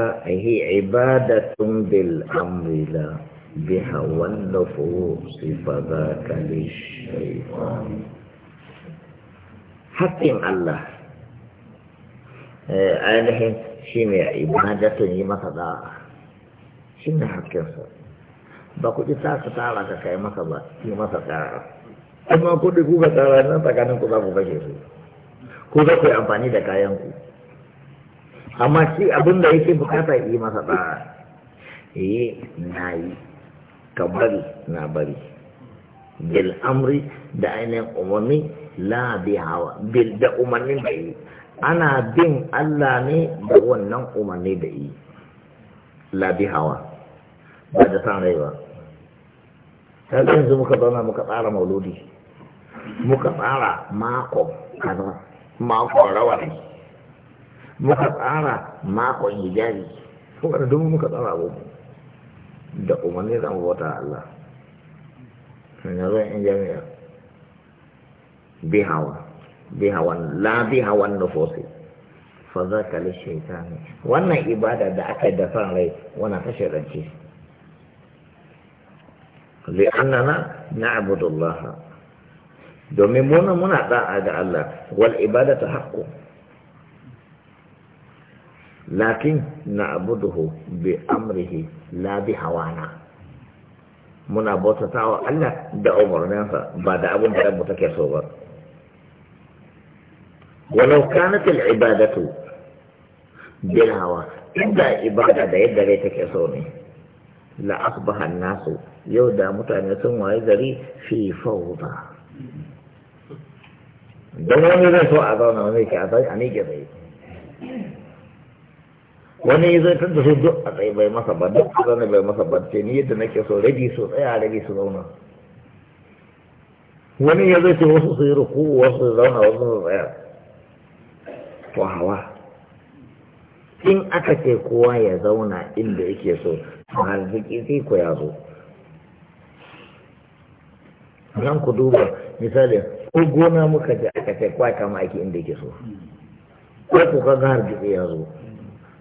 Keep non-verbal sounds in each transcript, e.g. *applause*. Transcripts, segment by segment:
تعالى هي عبادة بالأمر لا بها والنفوس فذاك للشيطان حكم الله ainihin shi ne ibadatun yi masa da'a shi ne hakkinsa ba kuɗi ta su tara ka kai masa ba yi masa tsara amma kuɗi kuka tsara nan tsakanin ku za ku kashe su ku za ku yi amfani da kayan ku amma shi abin da yake bukata yi masa da yi eh, na yi ka bari na bari bil amri da ainihin umarni la bi hawa bil da umarnin da yi ana bin Allah ne da wannan umarni da yi la bi hawa ba da san rai ba sai yanzu muka zauna muka tsara mauludi muka tsara mako kaza mako rawar muka tsara makon hijabi kuma da dubu muka tsara abu da umarni zan bauta Allah na zan in jami'a bi hawa bi hawan la bi hawan fosi fa za ka li shaitani wannan ibada da aka yi da san rai wannan ta shaidanci li'annana na'budu Allah domin muna muna da'a ga Allah wal ibada ta haqqun lakin na abuduhu bi amrihi la bi hawana muna bautata wa Allah da umarninsa ba da abin da mu take so ba walau kanat al-ibadatu bil hawa inda ibada da yadda rai take so ne la asbaha nasu yau da mutane sun waye gari fi fawda don wani zai so a zauna wani ke a zai a ne ke zai wani ya zai tanta su duk a tsaye bai masa ba duk a zane bai masa ba ce ni yadda nake so rage su tsaya rage su zauna wani ya zai ce wasu su yi ruku wasu su zauna wasu su tsaya to hawa in aka ce kowa ya zauna inda yake so to arziki sai ku ya zo nan ku duba misali ko gona muka je aka ce kwa kama ake inda yake so ko ku ga har ya zo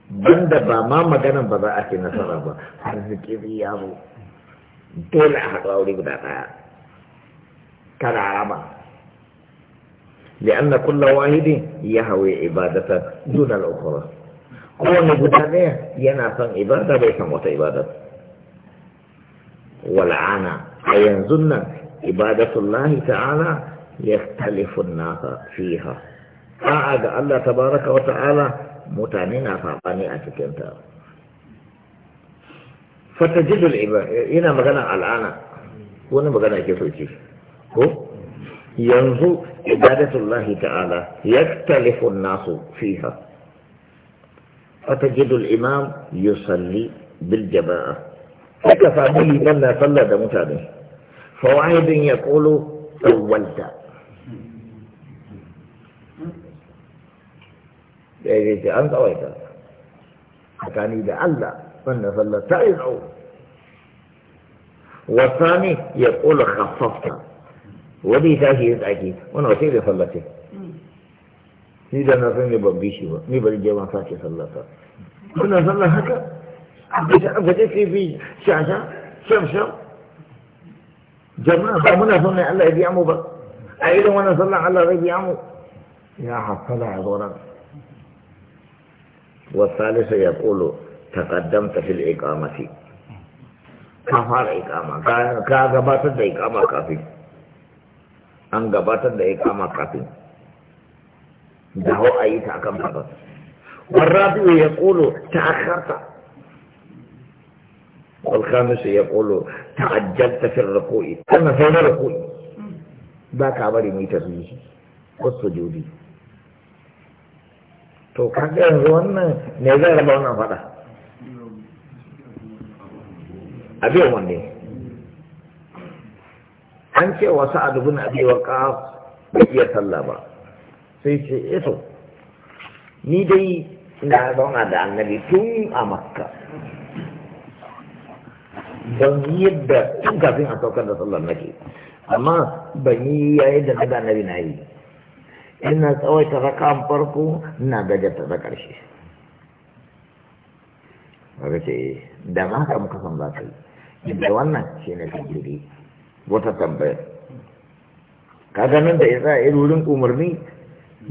banda ba ma maganan ba za a ce nasara ba arziki ya zo dole a haɗu aure guda ɗaya kada araba لأن كل واحد يهوي عبادة دون الأخرى كل واحد ينافن عبادة ليس موت عبادة والعانى أينزلنا عبادة الله تعالى يختلف الناس فيها قاعد الله تبارك وتعالى mutane na faɓa ne a cikinta fatajidul ibad ina magana al'ana wani magana ke so ce ko yanzu ibadatullahi ta'ala yaktalifu an-nasu fiha imam yusalli bil jama'a فتجد الإمام يصلي بالجماعة فكفاني بل صلى دمتاني ya يقول أولت da ya ce an tsawaita tsakani da Allah wannan sallar ta yi tsawo wasani ya ƙula kafafta wani ta shi ya tsaki wani wace da sallar ce ni da na san ne ban bi shi ba ni bari je ban sake sallar sa kuna sallar haka ba ta ce bi shasha sham sham jama'a ba muna son ne Allah ya biya mu ba a irin wannan sallar Allah zai biya mu ya hasala a zauren والثالث يقول تقدمت في الإقامة كفار إقامة كأغبات إقامة كافي أنغبات دا إقامة كافي دهو أي تأكم فقط والرابع يقول تأخرت والخامس يقول تعجلت في الركوع كما في الركوع باك عبري ميتة في السجود to kaga yanzu wannan ne zai raba wannan faɗa a biyan wanne an ce wa sa'ad ibn abi waqas bai iya sallah ba sai ce eto eh ni dai na zauna da annabi tun a makka don yadda tun kafin a saukar da sallar nake amma ban yi yayin da na ga annabi na yi ina tsawaita rakan farko ina gajarta da ƙarshe wadda ce da ma haka muka san za ka yi da wannan shi ne tajiri wata tambaya ka ganin da isa a irin umarni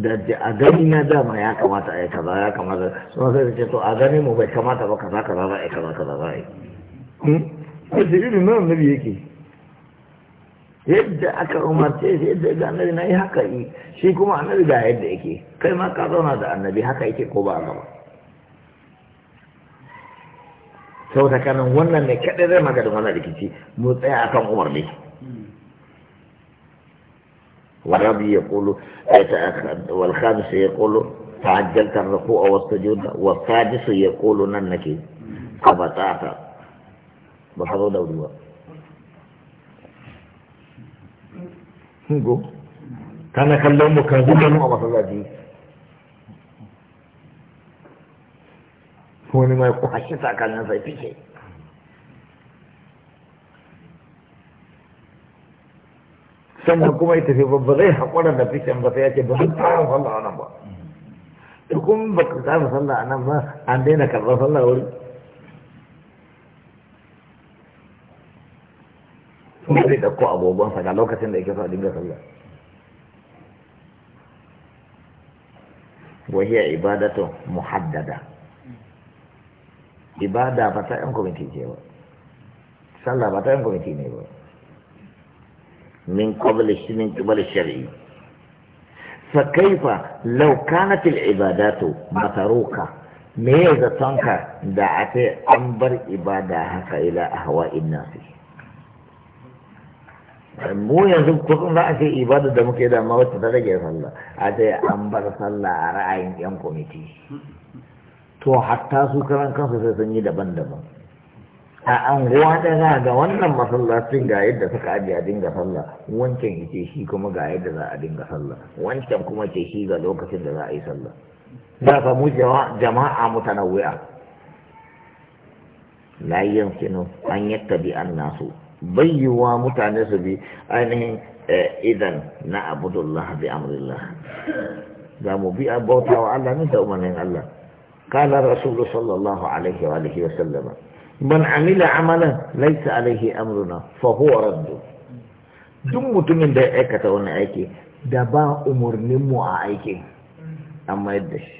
da a gani na dama ya kamata a yi kaza ya kamata sun sai da ce to a gani mu bai kamata ba kaza kaza za a yi kaza kaza za a yi. Ko hmm? da irin nan nabi yake yadda aka umarce shi yadda ga annabi na yi haka yi shi kuma annabi ga yadda yake kai ma ka zauna da annabi haka yake ko ba gaba sau ta kanan wannan ne kaɗai zai maganin wannan rikici mu tsaya akan umarni والربي يقول والخامس يقول تعجلت الركوع والسجود والسادس يقول ننك أبطاتا بحضور دولي Hmm, go kana kallon mu kan zuba mu a masallaci wani mai kwashe takalin sai fice sannan kuma ya tafi ba zai haƙura da fice ba sai ya ce ba zan fara sallah a nan ba to kuma ba ka tsara sallah a nan ba an daina karɓar sallah wuri zai ɗauko ga lokacin da yake so a dinga sallah wahiyar ibadatu muhaddada ibada ba ta yan kwamiti ce ba sallah ba ta yan kwamiti ne ba min qabli min qabli shar'i fa kaifa law kanat ibadatu mataruka me ya zatonka da a an bar ibada haka ila ahwa'in nasi mu yanzu kusan za a ce ibada da muke da wata ta rage sallah a ce an bar sallah a ra'ayin yan kwamiti to hatta su karan kansu sai sun yi daban-daban a ruwa da za ga wannan masallacin ga yadda suka ajiye a dinga sallah wancan ya ce shi kuma ga yadda za a dinga sallah wancan kuma ce shi ga lokacin da za a yi sallah za ka mu jama'a mutanawwi'a la yankin an yattabi an nasu bayyawa mutane su bi ainihin eh, idan na abudullah bi amrillah za mu bi abota wa Allah ne da umarnin Allah kala rasulu sallallahu alaihi wa alihi wa sallama man amila amalan laysa alaihi amruna fa huwa raddu duk mutumin da ya aikata wani aiki da ba umarnin mu a aiki, an mayar da shi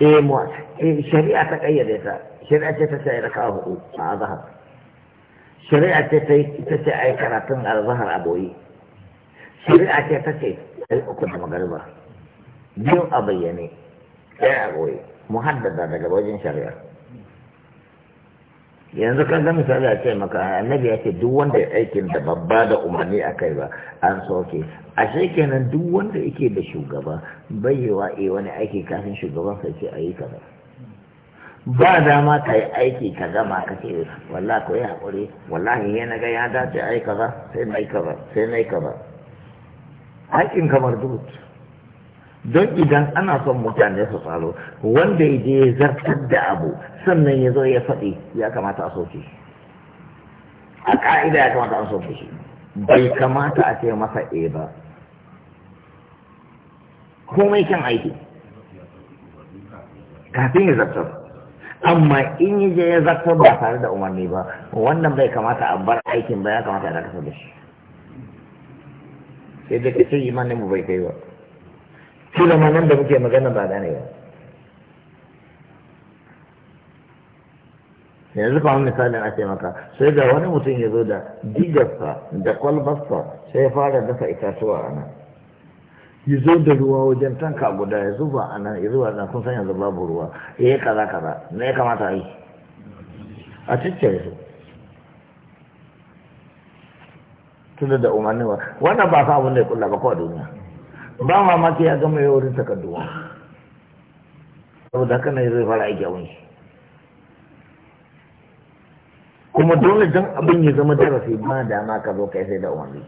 eh mu eh, shari'a ta kayyade ta shari'a ce ta sai raka hudu a azhar shari'a ce ita ce ai karatun azahar a boye shari'a ce ta ce ai da magariba biyu a bayyane ɗaya a boye muhaddada daga wajen shari'a yanzu kan ga misali a ce maka annabi ya ce duk wanda ya aikin da babba da umarni a kai ba an soke a shi kenan duk wanda yake da shugaba bayyawa a wani aiki kafin shugaban sai ce a yi kaza ba dama ka yi aiki ka gama ka ce wallahi ko ya haƙuri wallahi yana ga ya dace a yi kaza sai na yi kaza sai na yi kaza aikin kamar dutse don idan ana son mutane su tsaro wanda ya je zartar da abu sannan ya zo ya faɗi ya kamata a soke a ƙa'ida ya kamata a soke shi bai kamata a ce masa e ba komai kan aiki kafin ya zartar amma in yi je ya zartar ba tare da umarni ba wannan bai kamata a bar aikin ba ya kamata a dakatar da shi sai da kace imanin mu bai kai ba shi zama nan da muke magana ba gane ba yanzu kamar misalin a maka sai ga wani mutum ya zo da digarsa da kwalbarsa sai ya fara dafa itatuwa a nan ya zo da ruwa wajen tanka guda ya zuba a nan ya zuba nan kun san yanzu babu ruwa ya eh, yi kaza kaza me ya kamata a yi a cikin su tunda da umarni ba wannan ba sa abin da ya kulla ba kawai duniya ba mamaki ya gama ya wurin takarduwa saboda haka ne zai fara aiki a wani kuma dole don abin ya zama darasi ba dama ka zo kai sai da umarni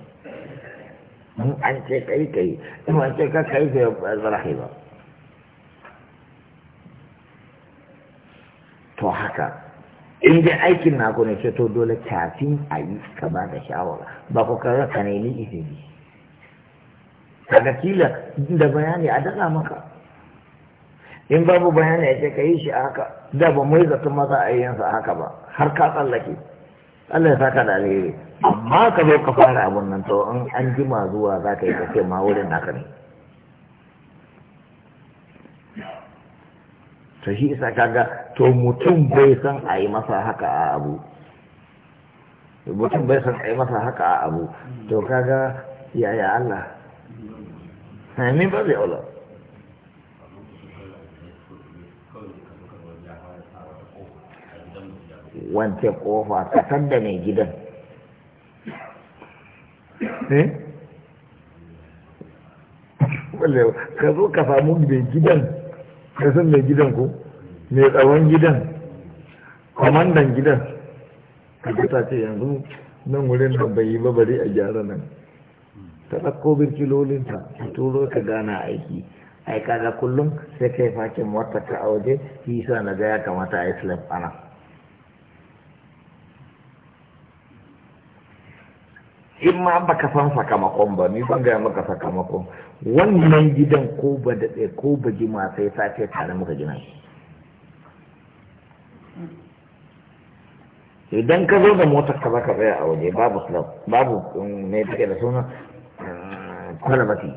in an ce kai kai in an ce ka kai sai zarafi ba to haka in dai aikin na ne ce to dole kafin a yi ka ba da shawara ba ku karar ka ni izini kaga kila da bayani a daɗa maka in babu bayani a ce ka yi shi a haka da ba mai zaton maza a yin a haka ba har ka tsallake Allah ya ka da alheri amma ka zo ka fara abun nan to in an jima zuwa za ka yi ka ce ma wurin haka ne to shi isa kaga to mutum bai san a yi masa haka a abu mutum bai san a yi masa haka a abu to kaga yaya Allah ba zai aula wance ah, eh? kofa katar da mai gidan ka zo ka samu mai gidan ka san mai gidan ko mai tsawon gidan kwamandan gidan ka ta ce yanzu nan wurin da bai yi ba bari a gyara nan ta ɗauko birkilolinta ta turo ka gana aiki ai kaga kullum sai kai fakin wata ta a waje sa na ga ya kamata a islam ana in ma baka san sakamakon ba ni ban gaya maka sakamakon wannan gidan ko ba daɗe ko ba jima sai safe tare muka gina idan ka zo da motar ka zaka tsaya a waje babu ne babu mai mm, take da suna kwalbati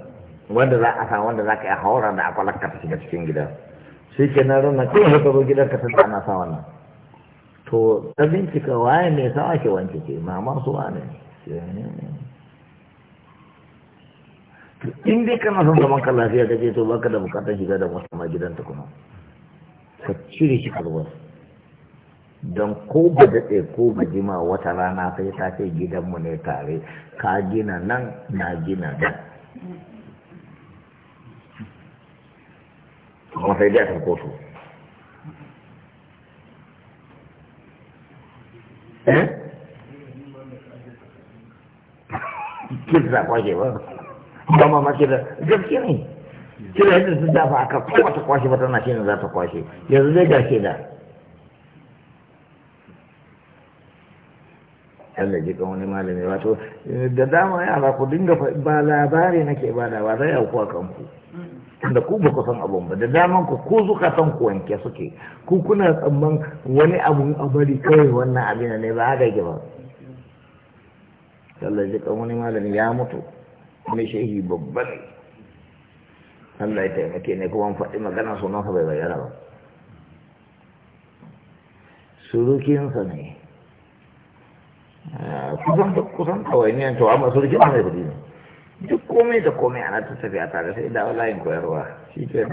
wanda za a samu wanda za ka yi haura da akwalarka ta shiga cikin gida shi ke na ranar kai, ka zo gidan ka tunda ana sa wannan to ta bincika waye mai sa ake wanke ke? mama su wane in dai kana son zaman ka lafiya ka ce to baka da bukatar shiga da wasu ma gidan ta kuma ka cire shi kalwar don ko ba daɗe ko ba jima wata rana sai ta ce gidanmu ne tare ka gina nan na gina nan kuma sai dai eh? a kwashe ba ba ma gaske ne yadda sun dafa aka kowace kwashe ba tana shi ne za ta kwashe yanzu zai gashe da Allah ji kan wani malami wato da dama yara ku dinga ba labari nake ba da ba zai auku a kanku da ku ba ku san abun ba da daman ku ku zuka san ku wanke suke ku kuna tsamman wani abun a bari kawai wannan abin ne ba haka yake ba Allah ji kan wani malami ya mutu mai shehi babba ne Allah ya taimake ne kuma an faɗi magana sunan sa bai bayyana ba surukinsa ne kusan duk kusan ɗawainiyan to amma sulki ana yi ne duk komai da komai ana ta tafiya tare sai da layin koyarwa shi ke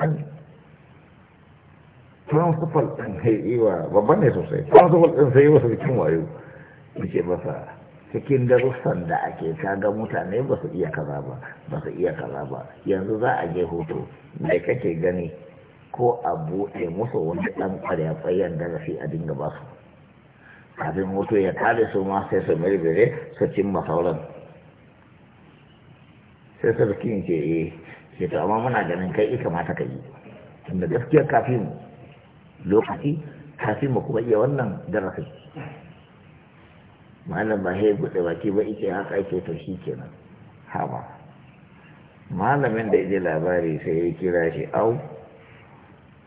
nan sufal ɗin sai iwa babban ne sosai sufal ɗin sai iwa sulkin wayo ke masa cikin darussan da ake kaga mutane ba su iya kaza ba ba su iya kaza ba yanzu za a je hoto mai kake gani ko a buɗe musu wani ɗan ƙwarya tsayen darasi a dinga ba su kafin mutu ya tare su ma sai su mirgire su cimma sauran sai sarkin ce eh sai to amma muna ganin kai ika mata ka yi tunda gaskiyar kafin lokaci kafin mu kuma iya wannan darasin malam ba sai buɗe baki ba ike haka ake to shi kenan hama malamin da ya labari sai ya kira shi au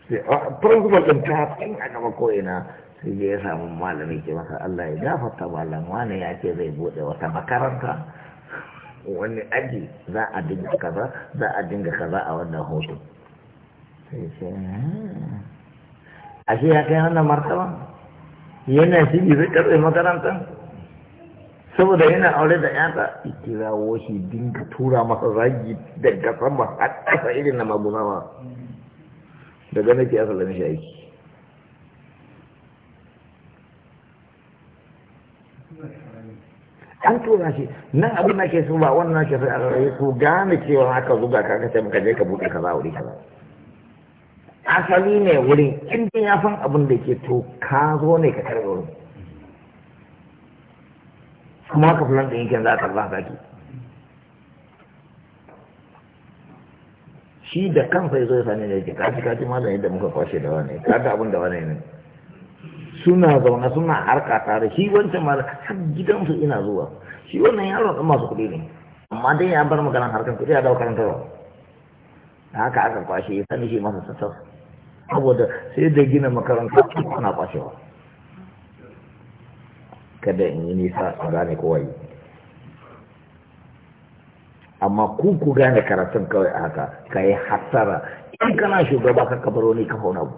sai a ah, principal ɗin ta hakan a gaba ko ina sai ya samu malami ke masa Allah ya gafarta malam wani ya ce zai bude wata makaranta wani aji za a dinga kaza za a dinga kaza a wannan hoto sai ce hmm, ashe ya kai wannan martaba yana shi zai karɓe makaranta saboda yana aure da yata ikira woshi dinga tura masa zagi daga sama a kasa irin na magunawa daga nake asalin shi aiki an tura shi nan abin na ke so ba wannan ke so a rayu ku gane cewa haka zuba ka kace muka je ka buɗe kaza wuri kaza asali ne wurin in din ya san abin da ke to ka zo ne ka karɓi wurin kuma ka fulan din yake za ka karɓa zaki. shi da kansa ya zo ya sani ci yake ci ma da yadda muka kwashe da wani ka ga abin da wani ne suna zaune suna harka tare shi wancan ma har gidansu ina zuwa shi wannan yaron ɗan masu kuɗi ne amma dai ya bar maganar harkar kuɗi a dawo karantarwa da haka aka kwashe ya sani shi masa sassau saboda sai da gina makaranta ana kwashewa kada in yi nisa a gane kowai amma ku ku gane karatun kawai a haka ka yi hattara in kana shugaba ka kabar ka kafa wani abu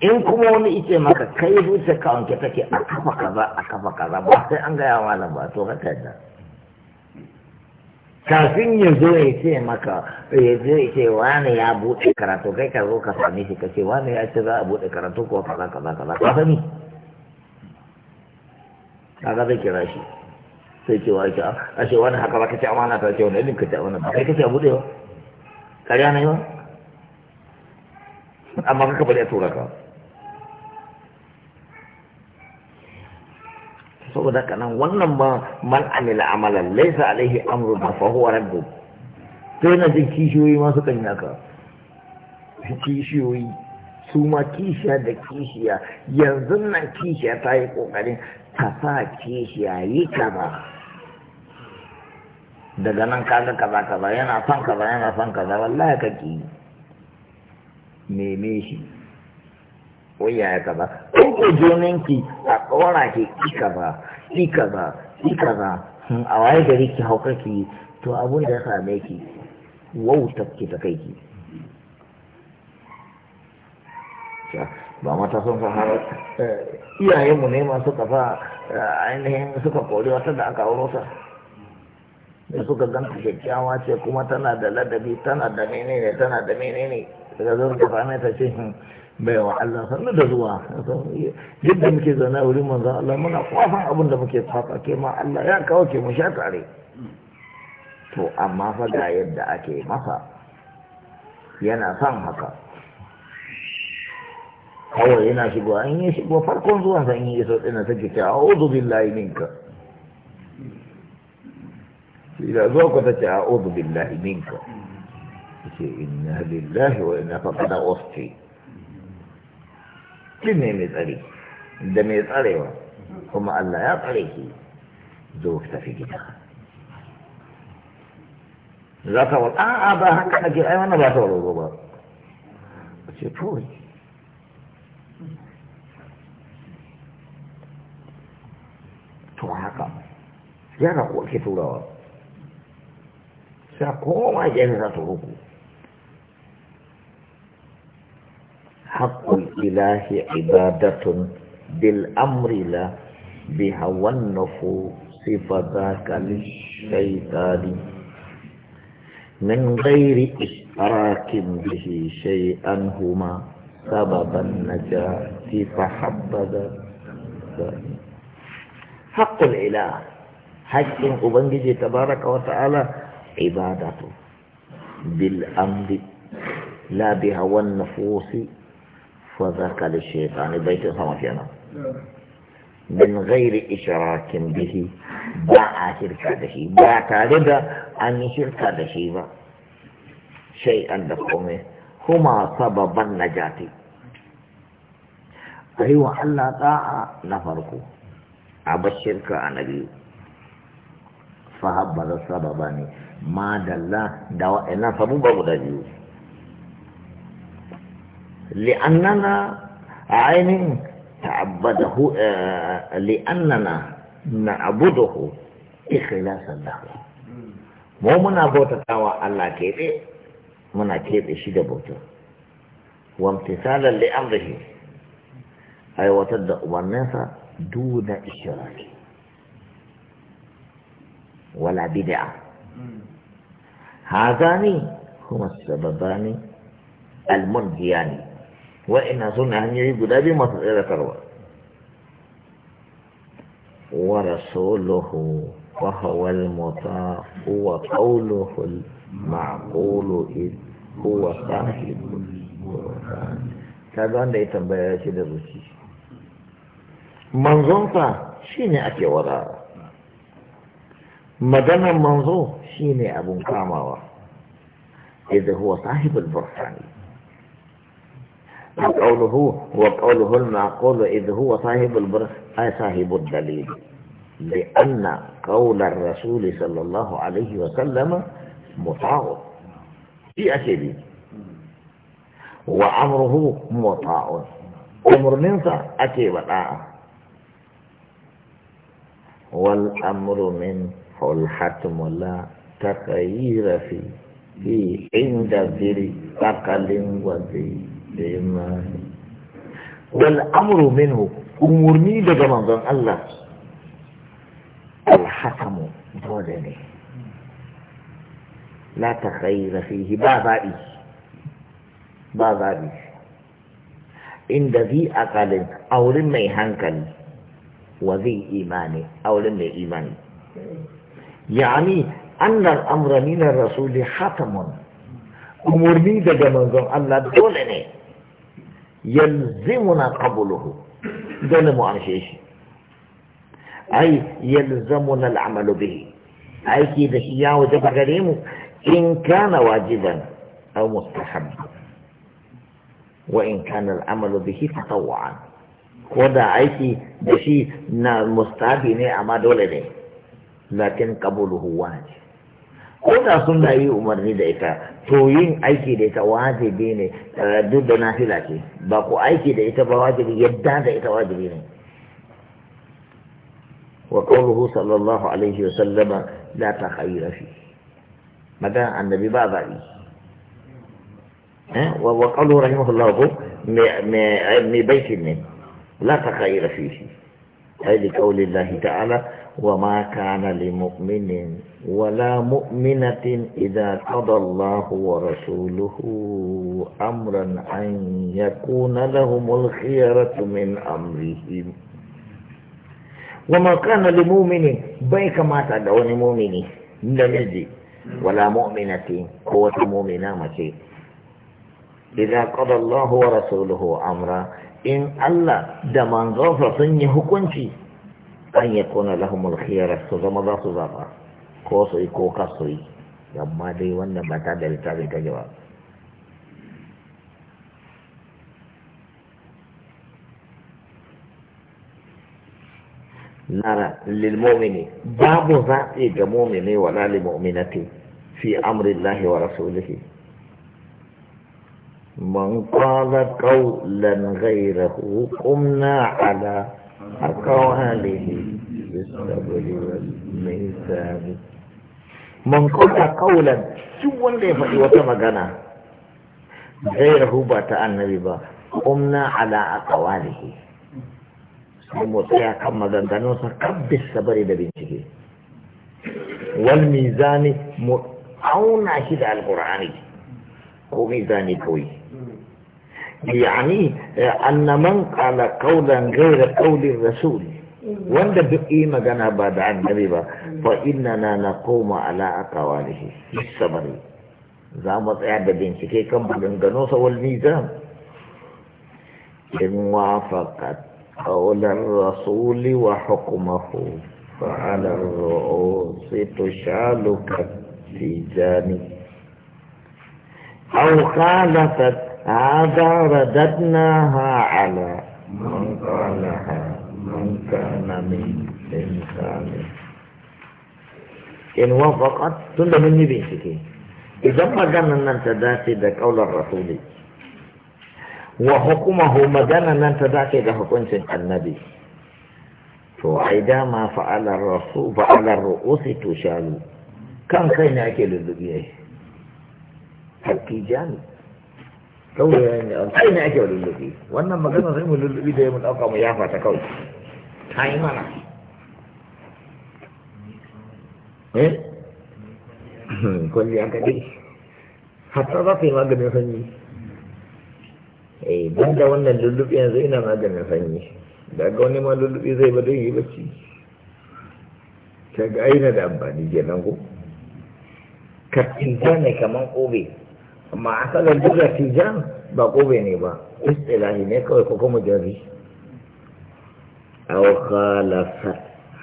in kuma wani ice maka kai huce ka wanke take a kafa kaza a kafa kaza ba sai an gaya wa ba to haka da kafin ya zo ya ce maka ya zo ya ce wani ya buɗe karatu kai ka zo ka sami shi ka ce wani ya ce za a buɗe karatu ko kaza kaza kaza ka sani kaga zai kira shi sai ce wani a ce wani haka ba ka ce amana ta ce wani ka ce amana ba kai ka ce a buɗe ba ƙarya na yi ba amma kaka bari a tura ka saboda kanan wannan ba man amila amalan laisa alaihi amru na fa huwa rabbu to yana jin kishiyoyi ma sukan yi haka kishiyoyi su ma kishiya da kishiya yanzu nan kishiya ta yi kokarin ta sa kishiya yi kaza daga nan kaga kaza kaza yana son kaza yana son kaza wallahi ka ki meme shi wai yaya kaza riƙe joninki a kawara ki kika ba kika ba kika ba hmm, a waye gari ki hauka ki to abun da ya same ki wauta ki ta kai ki ba mata sun san har eh, mu ne ma suka fa eh, ainihin suka kori wata da aka auro ta da suka ganta kyakkyawa ce kuma tana da ladabi tana da menene tana da menene daga zan ta fahimta ta ce hmm, bai wa Allah sannu da zuwa yadda muke zana wurin manzan Allah muna kwafan abin da muke fafa ke ma Allah ya kawo ke mu sha tare to amma fa ga yadda ake masa yana son haka kawai yana shigo an yi shigo farkon zuwa san yi iso ɗina take ce a uzu billahi minka ila zo ku ta ce a uzu billahi minka ce inna lillahi wa inna faqada usti shi ne mai tsare da mai tsarewa kuma Allah ya tsare ki zo ki tafi gida za ka wa a'a ba haka na ke aiwana ba ta wa ba ce kawai to haka na kuwa ke turawa sai koma yi za ta ruku الله عبادة بالأمر لا بها والنفوس فذاك للشيطان من غير إشراك به شيئا هما سبب النجاة فحبذا حق الإله حق أبنجي تبارك وتعالى عبادته بالأمر لا بهوى النفوس وذاك للشيطان بيت صمتنا من غير إشراك به باع شركة به باع تاردا أن شركة به شيئا لقومه هما سببا نجاة أيوة الله طاعة نفرقه أبا الشركة أنا بيه فهبذا سبباني ما دلا دواء إنا سببا بدأ لأننا عين تعبده آه، لأننا نعبده إخلاصا له مو منا بوتا تاوى الله كيبي منا كيبي شيدا بوتا وامتثالا لأمره أي وتد أمانيسا دون إشراك ولا بدعة هذاني هما السببان المنهيان wa'ina suna hanyoyi guda biyu masu tsiratarwa wa rasuluhu wa hawal mota huwa qawluhu ma'qulu id huwa sahibu ta ga wanda ya tambaya shi da zuci manzonsa shine ake wada maganar manzo shine abun kamawa idan huwa sahibul burhani وقوله وقوله المعقول إذ هو صاحب البر أي آه، صاحب الدليل لأن قول الرسول صلى الله عليه وسلم مطاع في أكيد وأمره مطاع أمر منك أكي وطاع آه. والأمر منه الحتم لا تغيير فيه في عند ذي تقل وذي والأمر منه أمرني دجمان الله الحكم دولني لا تخير فيه بابائي بابائي إن ذي أقل أو لمي هنكل وذي إيماني أو لمي إيماني يعني أن الأمر من الرسول حتم أمرني دجمان الله دولني يلزمنا قبوله شيء شيء أي يلزمنا العمل به أي كده يا وجب غريمه إن كان واجبا أو مستحبا وإن كان العمل به تطوعا ودا أيكي ده شيء مستحب أما دولة لكن قبوله واجب ko da sun yi umarni da ita to yin aiki da ita wajibi ne eh, duk da nafila ce ba ku aiki da ita ba wajibi yadda da ita wajibi ne wa qawluhu sallallahu alaihi wa sallama la takhayyara fi magana annabi ba zabi eh wa qawluhu rahimahullahu me mai baitin ne la takhayyara fi أي لقول الله تعالى وما كان لمؤمن ولا مؤمنة إذا قضى الله ورسوله أمرا أن يكون لهم الخيرة من أمرهم وما كان لمؤمن بيك ما تدعون مؤمن نمزي ولا مؤمنة قوة مؤمنة مشي إذا قضى الله ورسوله أمرا in Allah da manzonsa sun yi hukunci an ya kona lahumul khiyara su zama za su zaɓa ko su yi ko ka su yi amma dai wannan ba ta da littafin ta ba nara lilmomini babu zaɓe ga momini wa lilmominati fi amrillahi wa rasulihi من قال قولا غيره قمنا على أقواله بالصبر والميزان من قال قولا شو اللي ولا يفعل وتمغنا غيره بتاع النبي با قمنا على أقواله mutsaya kan maganganunsa kabbis sabari da bincike wal mizani mu auna shi da alkur'ani ko يعني أن من قال قولا غير قول rasuli wanda duk yi magana ba da annabi ba fa innana naquma ala aqwalihi bisabri za mu tsaya da bincike kan maganganu sa wal mizan in wafaqat qawlan rasuli wa hukmuhu fa ala ar-ru'us tushalu tijani aw khalafat هذا رددناها على من قالها من كان من إنسان إن وافقت تند مني بيسكي إذا ما كان أن ذاتي ده قول الرسول وحكمه ما كان أن تداتي ده حكم النبي فإذا ما فعل الرسول فعل الرؤوس تشال كان كاين أكل هل كي جانب saboda ne an kai ne ake lullubi wannan magana sai mu lullubi da ya mu dauka mu yafa ta kawai ta yi mana eh *laughs* kulli aka dai hatta za ka yi maganin sanyi eh ban da wannan lullubi yanzu ina maganin sanyi daga wani ma lullubi zai ba don yi bacci ta ga aina da amfani kenan ko ka tsinta ne kamar kobe معقل البدر في جام بقو بيني با استلاهي نيكو يكوكو مجازي أو خالف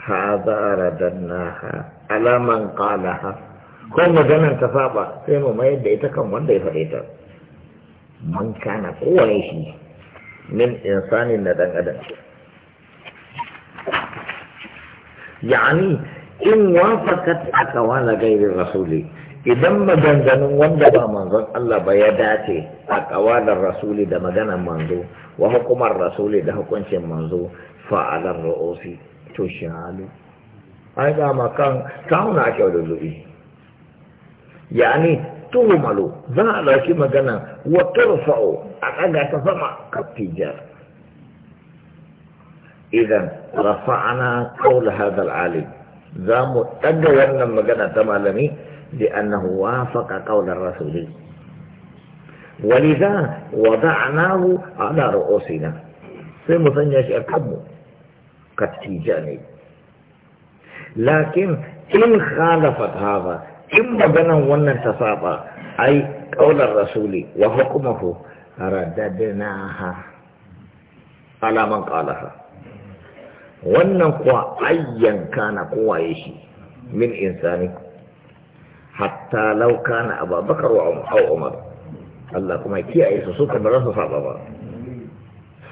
هذا ردناها على من قالها كون مجانا تفابا سيمو ما يدعي تكم وان دي فريتا من كان قوة نيشي من إنسان ندن أدن يعني إن وافقت أكوان غير رسولي idan maganganun wanda ba manzon Allah ba ya dace a kawalar rasuli da maganan manzo wa hukumar rasuli da hukuncin manzo fa'alar ra'osi to shi halu ai ga makan kauna ake da zubi yani tuhumalo, za a ɗauki magana wa turfa'u a ɗaga ta sama kafijar idan rafa'ana kaula hadal alim za mu ɗaga wannan magana ta malami لأنه وافق قول الرسول ولذا وضعناه على رؤوسنا في مثنى الحب كالتيجاني لكن إن خالفت هذا إن بنا ون تصابى أي قول الرسول وحكمه رددناها على من قالها ونقوى أيا كان قوى من إنسانكم hatta lauka na ababakar wa umar Allah kuma kiyaye su suka da su saba ba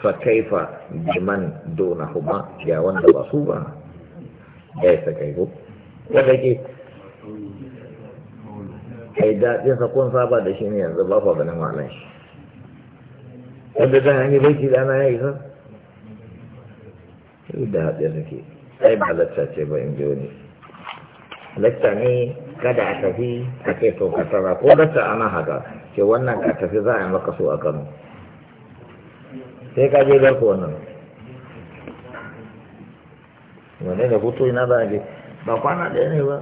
fa kaifa biman dona huma ya wanda ba su ba ya yi sakai ko wanda ke kai daɗin sa kun saba da shi ne yanzu ba fa ganin malan shi wanda zan an yi baiki da ana yi isa sai da haɗe nake ai ba lacca ce ba in ji wani lakta ne kada a tafi a ce to ka tara ko da ta ana haka ke wannan ka tafi za a yi maka so a kano sai ka je ku wannan wane da hutu ina za a je ba kwana ɗaya ne ba